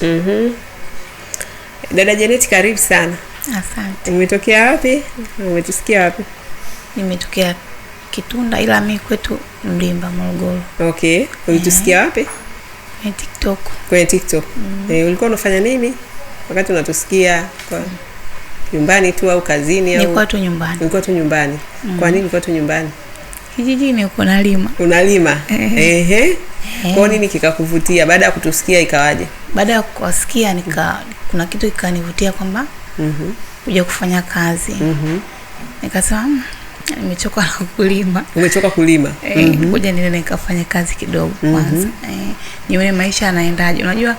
mm-hmm. Dada janet karibu sana. Asante. Umetokea wapi? Umetusikia wapi? Nimetokea Kitunda, ila mi kwetu Mlimba, Morogoro. Okay, ulitusikia eh. wapi? Kwenye TikTok. Kwenye TikTok. mm -hmm. E, ulikuwa unafanya nini wakati unatusikia kwa mm -hmm. nyumbani tu au kazini au? Nilikuwa tu nyumbani. Nilikuwa tu nyumbani. mm Kwa nini ulikuwa tu nyumbani? kijijini huko nalima. Unalima? Ehe. Kwa nini kikakuvutia baada ya kutusikia ikawaje? Baada ya kuwasikia nika kuna kitu kikanivutia kwamba mhm kuja kufanya kazi. Mhm. Nikasema hmm, nimechoka na kulima. Umechoka kulima? E, mm -hmm. Kuja nile nikafanya kazi kidogo mhm. kwanza. Mm -hmm. nione maisha yanaendaje. Unajua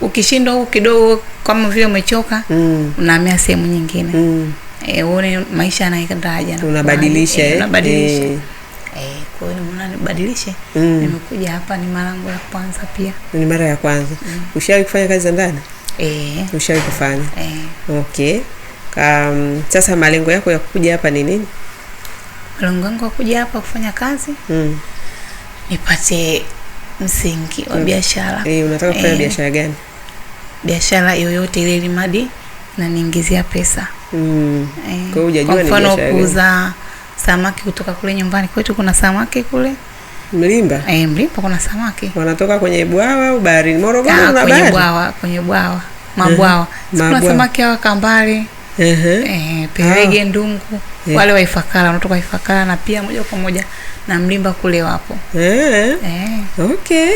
ukishindwa huko kidogo kama vile umechoka mm. unahamia sehemu nyingine. Mm. E, uone maisha yanaendaje. Unabadilisha eh. Unabadilisha. Eh, kwa hiyo unaona nibadilishe. Mm. Nimekuja hapa ni mara yangu ya kwanza pia. Ni mara ya kwanza. Mm. Ushawahi kufanya kazi za ndani? Eh. Ushawahi kufanya? Eh. Okay. Um, sasa malengo yako ya kukuja hapa ni nini? Malengo yangu ya kuja hapa kufanya kazi? Mm. Nipate msingi wa mm. biashara. Eh, unataka kufanya e, biashara gani? Biashara yoyote ile ili madi na niingizia pesa. Mm. E, kwa hiyo hujajua ni biashara gani? samaki kutoka kule nyumbani kwetu, kuna samaki kule Mlimba. E, Mlimba kuna samaki wanatoka kwenye bwawa au baharini? Morogoro ah, na kwenye bwawa, kwenye bwawa eh, mabwawa. Uh -huh. Kuna samaki hawa kambale uh -huh. E, perege oh. Ndungu yeah. Wale wa Ifakara wanatoka Ifakara na pia moja kwa moja na Mlimba kule wapo uh -huh. Eh. E. Okay.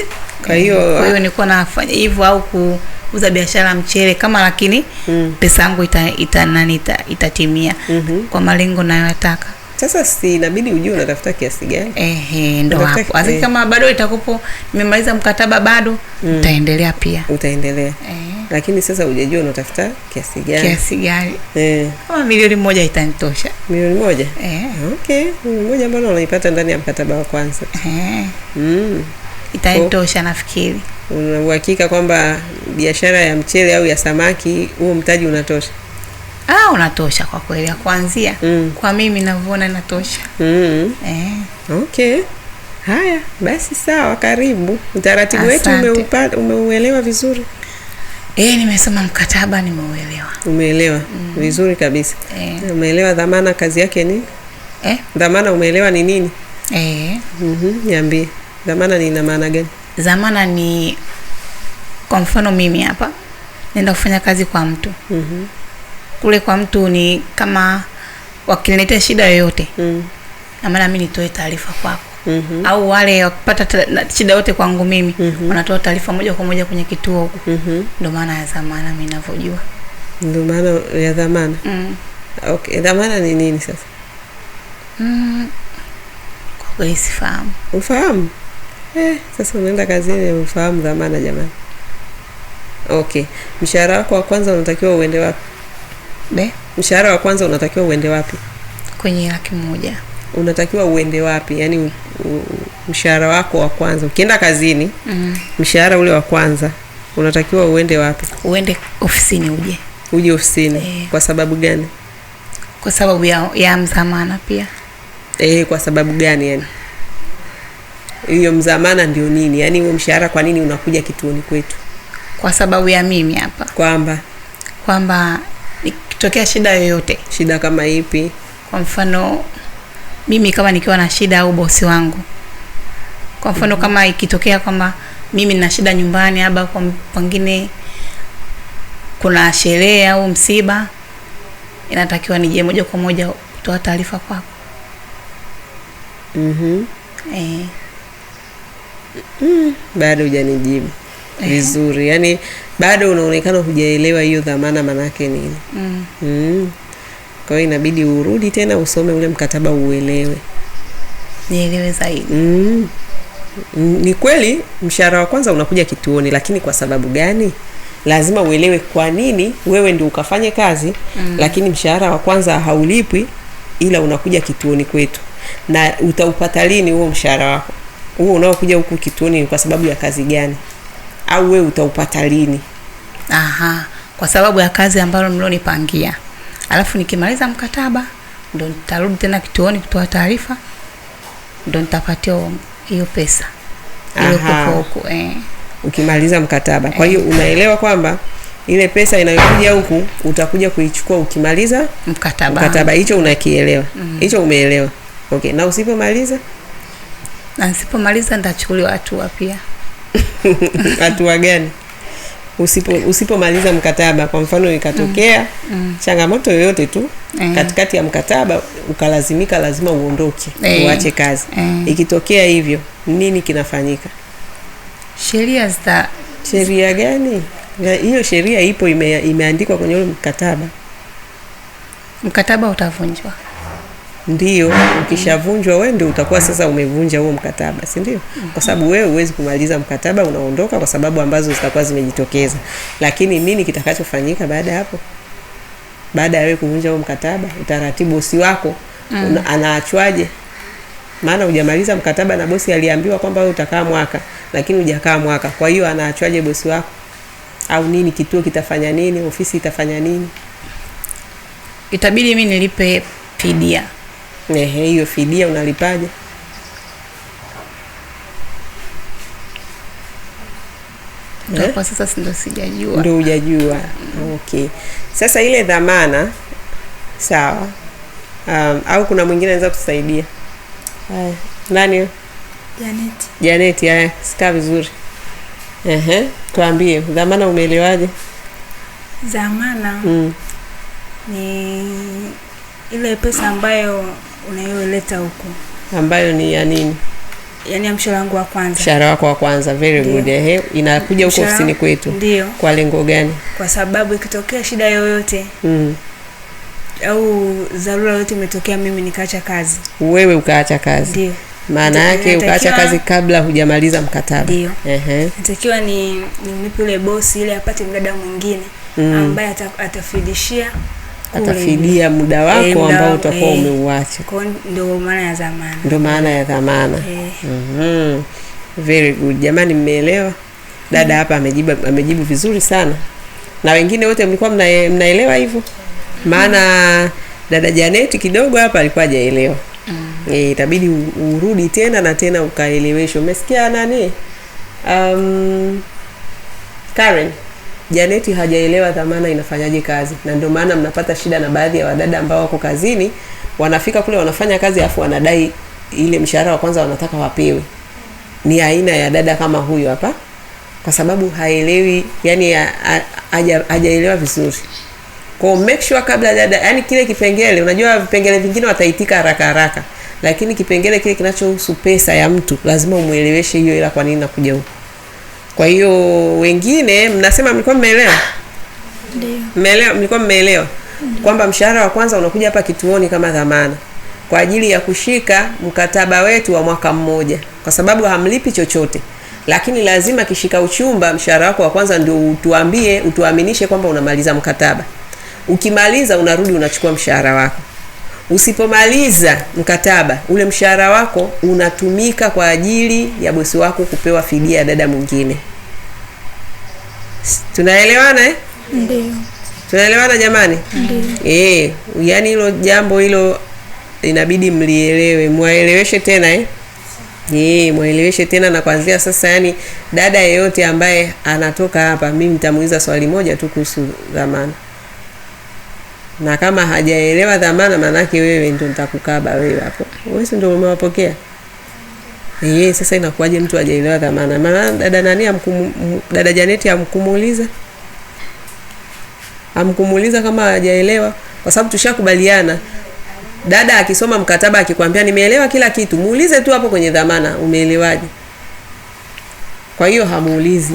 Kwa hiyo kwa hiyo nilikuwa nafanya hivyo au kuuza biashara mchele kama, lakini mm. pesa yangu ita, ita, ita, itatimia mm -hmm. kwa malengo nayo nayotaka sasa si inabidi ujue unatafuta kiasi gani. Ehe, ndo hapo. Hasa eh. kama bado itakupo nimemaliza mkataba bado mm. utaendelea pia. Utaendelea. Eh. Lakini sasa hujajua unatafuta kiasi gani. Kiasi gani. Eh. Kama milioni moja itanitosha. Milioni moja? Eh. Okay. Milioni moja bado unaipata ndani ya mkataba wa kwanza. Eh. Mm. Itanitosha oh. nafikiri. Una kwamba biashara ya mchele au ya samaki huo mtaji unatosha? Ah, unatosha kwa kweli ya kuanzia mm. Kwa mimi navyoona inatosha mm. Eh. Okay. Haya basi sawa, karibu. Utaratibu wetu umeuelewa vizuri eh? Nimesoma mkataba, nimeuelewa. Umeelewa mm. vizuri kabisa eh. Umeelewa dhamana kazi yake nini eh? Dhamana umeelewa ni nini eh? mm-hmm. Niambie dhamana ni ina maana gani? Dhamana ni kwa mfano mimi hapa naenda kufanya kazi kwa mtu mm-hmm kule kwa mtu ni kama wakiletea shida yoyote mm. na maana mimi nitoe taarifa kwako mm -hmm. au wale wakipata shida yote kwangu mimi mm -hmm. wanatoa taarifa moja kwa moja kwenye kituo huko mm -hmm. ndio maana ya dhamana mimi ninavyojua ndio maana ya dhamana mm. okay dhamana ni nini sasa mm. kwa kweli sifahamu ufahamu eh, sasa unaenda kazini ufahamu dhamana jamani okay mshahara wako wa kwanza unatakiwa uende wapi Be. Mshahara wa kwanza unatakiwa uende wapi? Kwenye laki moja. Unatakiwa uende wapi? Yaani mshahara wako wa kwanza ukienda kazini mm. mshahara ule wa kwanza unatakiwa uende wapi? Uende ofisini uje. Uje ofisini e. Kwa sababu gani? Kwa sababu ya, ya mzamana pia. Eh, kwa sababu gani yani? Hiyo mzamana ndio nini? Yaani huo mshahara kwa nini unakuja kituoni kwetu? Kwa sababu ya mimi hapa. Kwamba kwamba tokea shida yoyote. Shida kama ipi? Kwa mfano mimi kama nikiwa na shida au bosi wangu, kwa mfano mm-hmm. kama ikitokea kwamba mimi nina shida nyumbani, aba kwa pengine kuna sherehe au msiba, inatakiwa nije moja kwa moja kutoa taarifa kwako. mm-hmm. eh. mm, bado hujanijibu eh. vizuri eh. yaani bado unaonekana hujaelewa hiyo dhamana manake nini. mm. Mm. Kwa hiyo inabidi urudi tena usome ule mkataba uelewe, nielewe zaidi. mm. Ni kweli mshahara wa kwanza unakuja kituoni, lakini kwa sababu gani? Lazima uelewe kwa nini wewe ndio ukafanye kazi mm. lakini mshahara wa kwanza haulipwi, ila unakuja kituoni kwetu. Na utaupata lini huo mshahara wako huo unaokuja huku kituoni? Ni kwa sababu ya kazi gani? Au wewe utaupata lini? Aha, kwa sababu ya kazi ambayo mlionipangia. Alafu nikimaliza mkataba ndo nitarudi tena kituoni kutoa taarifa, ndo nitapatia hiyo pesa huko eh. Ukimaliza mkataba Kwa hiyo eh. unaelewa kwamba ile pesa inayokuja huku utakuja kuichukua ukimaliza mkataba. Mkataba hicho unakielewa mm. hicho mm. Umeelewa okay. Na usipomaliza na usipomaliza nitachukuliwa hatua pia hatua gani? usipo usipomaliza mkataba, kwa mfano ikatokea mm. mm. changamoto yoyote tu mm. katikati ya mkataba ukalazimika lazima uondoke mm. uache kazi mm. ikitokea hivyo, nini kinafanyika? Sheria zita sheria gani? Hiyo sheria ipo ime, imeandikwa kwenye ule mkataba, mkataba utavunjwa ndio ukishavunjwa wewe ndio utakuwa sasa umevunja huo mkataba, si ndio? Kwa sababu wewe huwezi kumaliza mkataba, unaondoka kwa sababu ambazo zitakuwa zimejitokeza. Lakini nini kitakachofanyika baada hapo? Baada ya wewe kuvunja huo mkataba, utaratibu bosi wako mm. anaachwaje? Maana hujamaliza mkataba na bosi aliambiwa kwamba wewe utakaa mwaka, lakini hujakaa mwaka. Kwa hiyo anaachwaje bosi wako? Au nini, kituo kitafanya nini? Ofisi itafanya nini? Itabidi mimi nilipe fidia mm. Ehe, hiyo fidia unalipaje? Kwa eh? sasa ndio sijajua. Ndio hujajua. Okay. Sasa ile dhamana sawa. Um, au kuna mwingine anaweza kusaidia? Haya. Eh, nani? Janet. Janet, haya, eh, sikia vizuri. Ehe, tuambie dhamana umeelewaje? Dhamana. Mm. Ni ile pesa ambayo unayoleta huko ambayo ni ya nini? Yaani ya mshahara wangu wa kwanza. Mshahara wako wa kwanza, very good. Ehe, inakuja huko ofisini kwetu. ndio Kwa lengo gani? Kwa sababu ikitokea shida yoyote mm. au dharura yoyote imetokea, mimi nikaacha kazi. Wewe ukaacha kazi? maana yake ukaacha kazi kabla hujamaliza mkataba? Ndiyo. Ehe, natakiwa ni nimlipe yule bosi, ili apate mdada mwingine mm. ambaye atafidishia atafidia muda wako e, ambao utakuwa e, umeuacha. Ndio maana ya dhamana, ndio maana ya e. mm -hmm. Very good jamani, mmeelewa? Dada hapa amejibu, amejibu vizuri sana, na wengine wote mlikuwa mnae, mnaelewa hivyo, maana dada Janeti kidogo hapa alikuwa hajaelewa mm. E, itabidi urudi tena na tena ukaeleweshwa. Umesikia nani? um, Karen Janeti hajaelewa dhamana inafanyaje kazi, na ndio maana mnapata shida na baadhi ya wadada ambao wako kazini, wanafika kule wanafanya kazi afu wanadai ile mshahara wa kwanza wanataka wapewe. Ni aina ya dada kama huyu hapa, kwa sababu haelewi, yani hajaelewa vizuri. Kwa make sure kabla dada, yani kile kipengele, unajua vipengele vingine wataitika haraka haraka, lakini kipengele kile kinachohusu pesa ya mtu lazima umueleweshe hiyo, ila kwa nini nakuja huko kwa hiyo wengine mnasema, mlikuwa mmeelewa? Ndio. Mmeelewa, mlikuwa mmeelewa kwamba mshahara wa kwanza unakuja hapa kituoni kama dhamana kwa ajili ya kushika mkataba wetu wa mwaka mmoja, kwa sababu hamlipi chochote, lakini lazima kishika uchumba, mshahara wako wa kwanza ndio utuambie, utuaminishe kwamba unamaliza mkataba. Ukimaliza unarudi unachukua mshahara wako. Usipomaliza mkataba ule, mshahara wako unatumika kwa ajili ya bosi wako kupewa fidia ya dada mwingine. Tunaelewana eh? Tunaelewana jamani? Eh, yani hilo jambo hilo inabidi mlielewe, mwaeleweshe tena eh? E, eh, mweleweshe tena na kwanzia sasa, yani dada yeyote ambaye anatoka hapa, mimi nitamuuliza swali moja tu kuhusu dhamana na kama hajaelewa dhamana, maanake wewe ndio nitakukaba wewe hapo, wewe ndio umewapokea. Eh, sasa inakuwaje mtu hajaelewa dhamana? Maana dada nani amkumu, dada Janeti amkumuuliza amkumuuliza kama hajaelewa, kwa sababu tushakubaliana dada akisoma mkataba akikwambia nimeelewa kila kitu, muulize tu hapo kwenye dhamana, umeelewaje? Kwa hiyo hamuulizi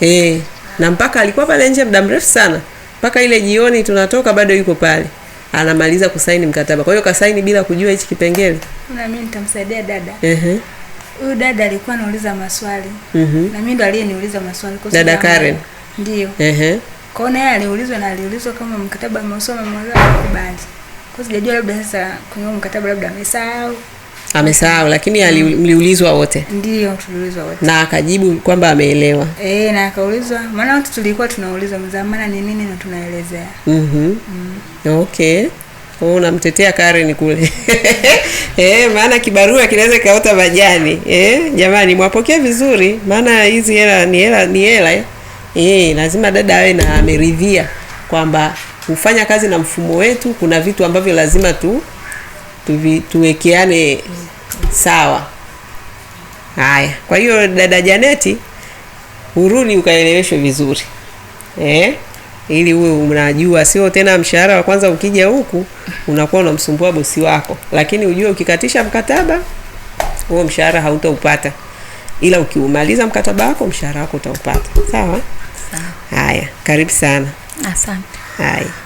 eh na mpaka alikuwa pale nje muda mrefu sana, mpaka ile jioni tunatoka bado yuko pale anamaliza kusaini mkataba. Kwa hiyo kasaini bila kujua hichi kipengele. Na mimi nitamsaidia dada. Ehe. Huyu dada alikuwa anauliza maswali. uh-huh. Na mimi ndo aliyeniuliza maswali kwa Dada Karen. Ndio. Ehe. Kwa hiyo naye aliulizwa na aliulizwa kama mkataba ameusoma mwanzo akubali. Kwa sijajua labda sasa kwenye mkataba labda amesahau amesahau, lakini mliulizwa wote? Ndio, tuliulizwa wote na akajibu kwamba ameelewa. E, na akaulizwa, maana watu tulikuwa tunauliza mzamana ni nini na tunaelezea. mm-hmm. mm. Okay, unamtetea oh, Karen kule e, maana kibarua kinaweza kaota majani e, jamani mwapokee vizuri, maana hizi hela ni hela ni hela e, lazima dada awe na ameridhia kwamba kufanya kazi na mfumo wetu kuna vitu ambavyo lazima tu tuvi, tuwekeane sawa. Haya, kwa hiyo dada Janeti, urudi ukaeleweshwe vizuri eh? ili uwe unajua, sio tena mshahara wa kwanza ukija huku unakuwa unamsumbua bosi wako, lakini ujue ukikatisha mkataba huo mshahara hautaupata, ila ukiumaliza mkataba wako mshahara wako utaupata. Sawa? Sawa. Haya, karibu sana. Asante. Haya.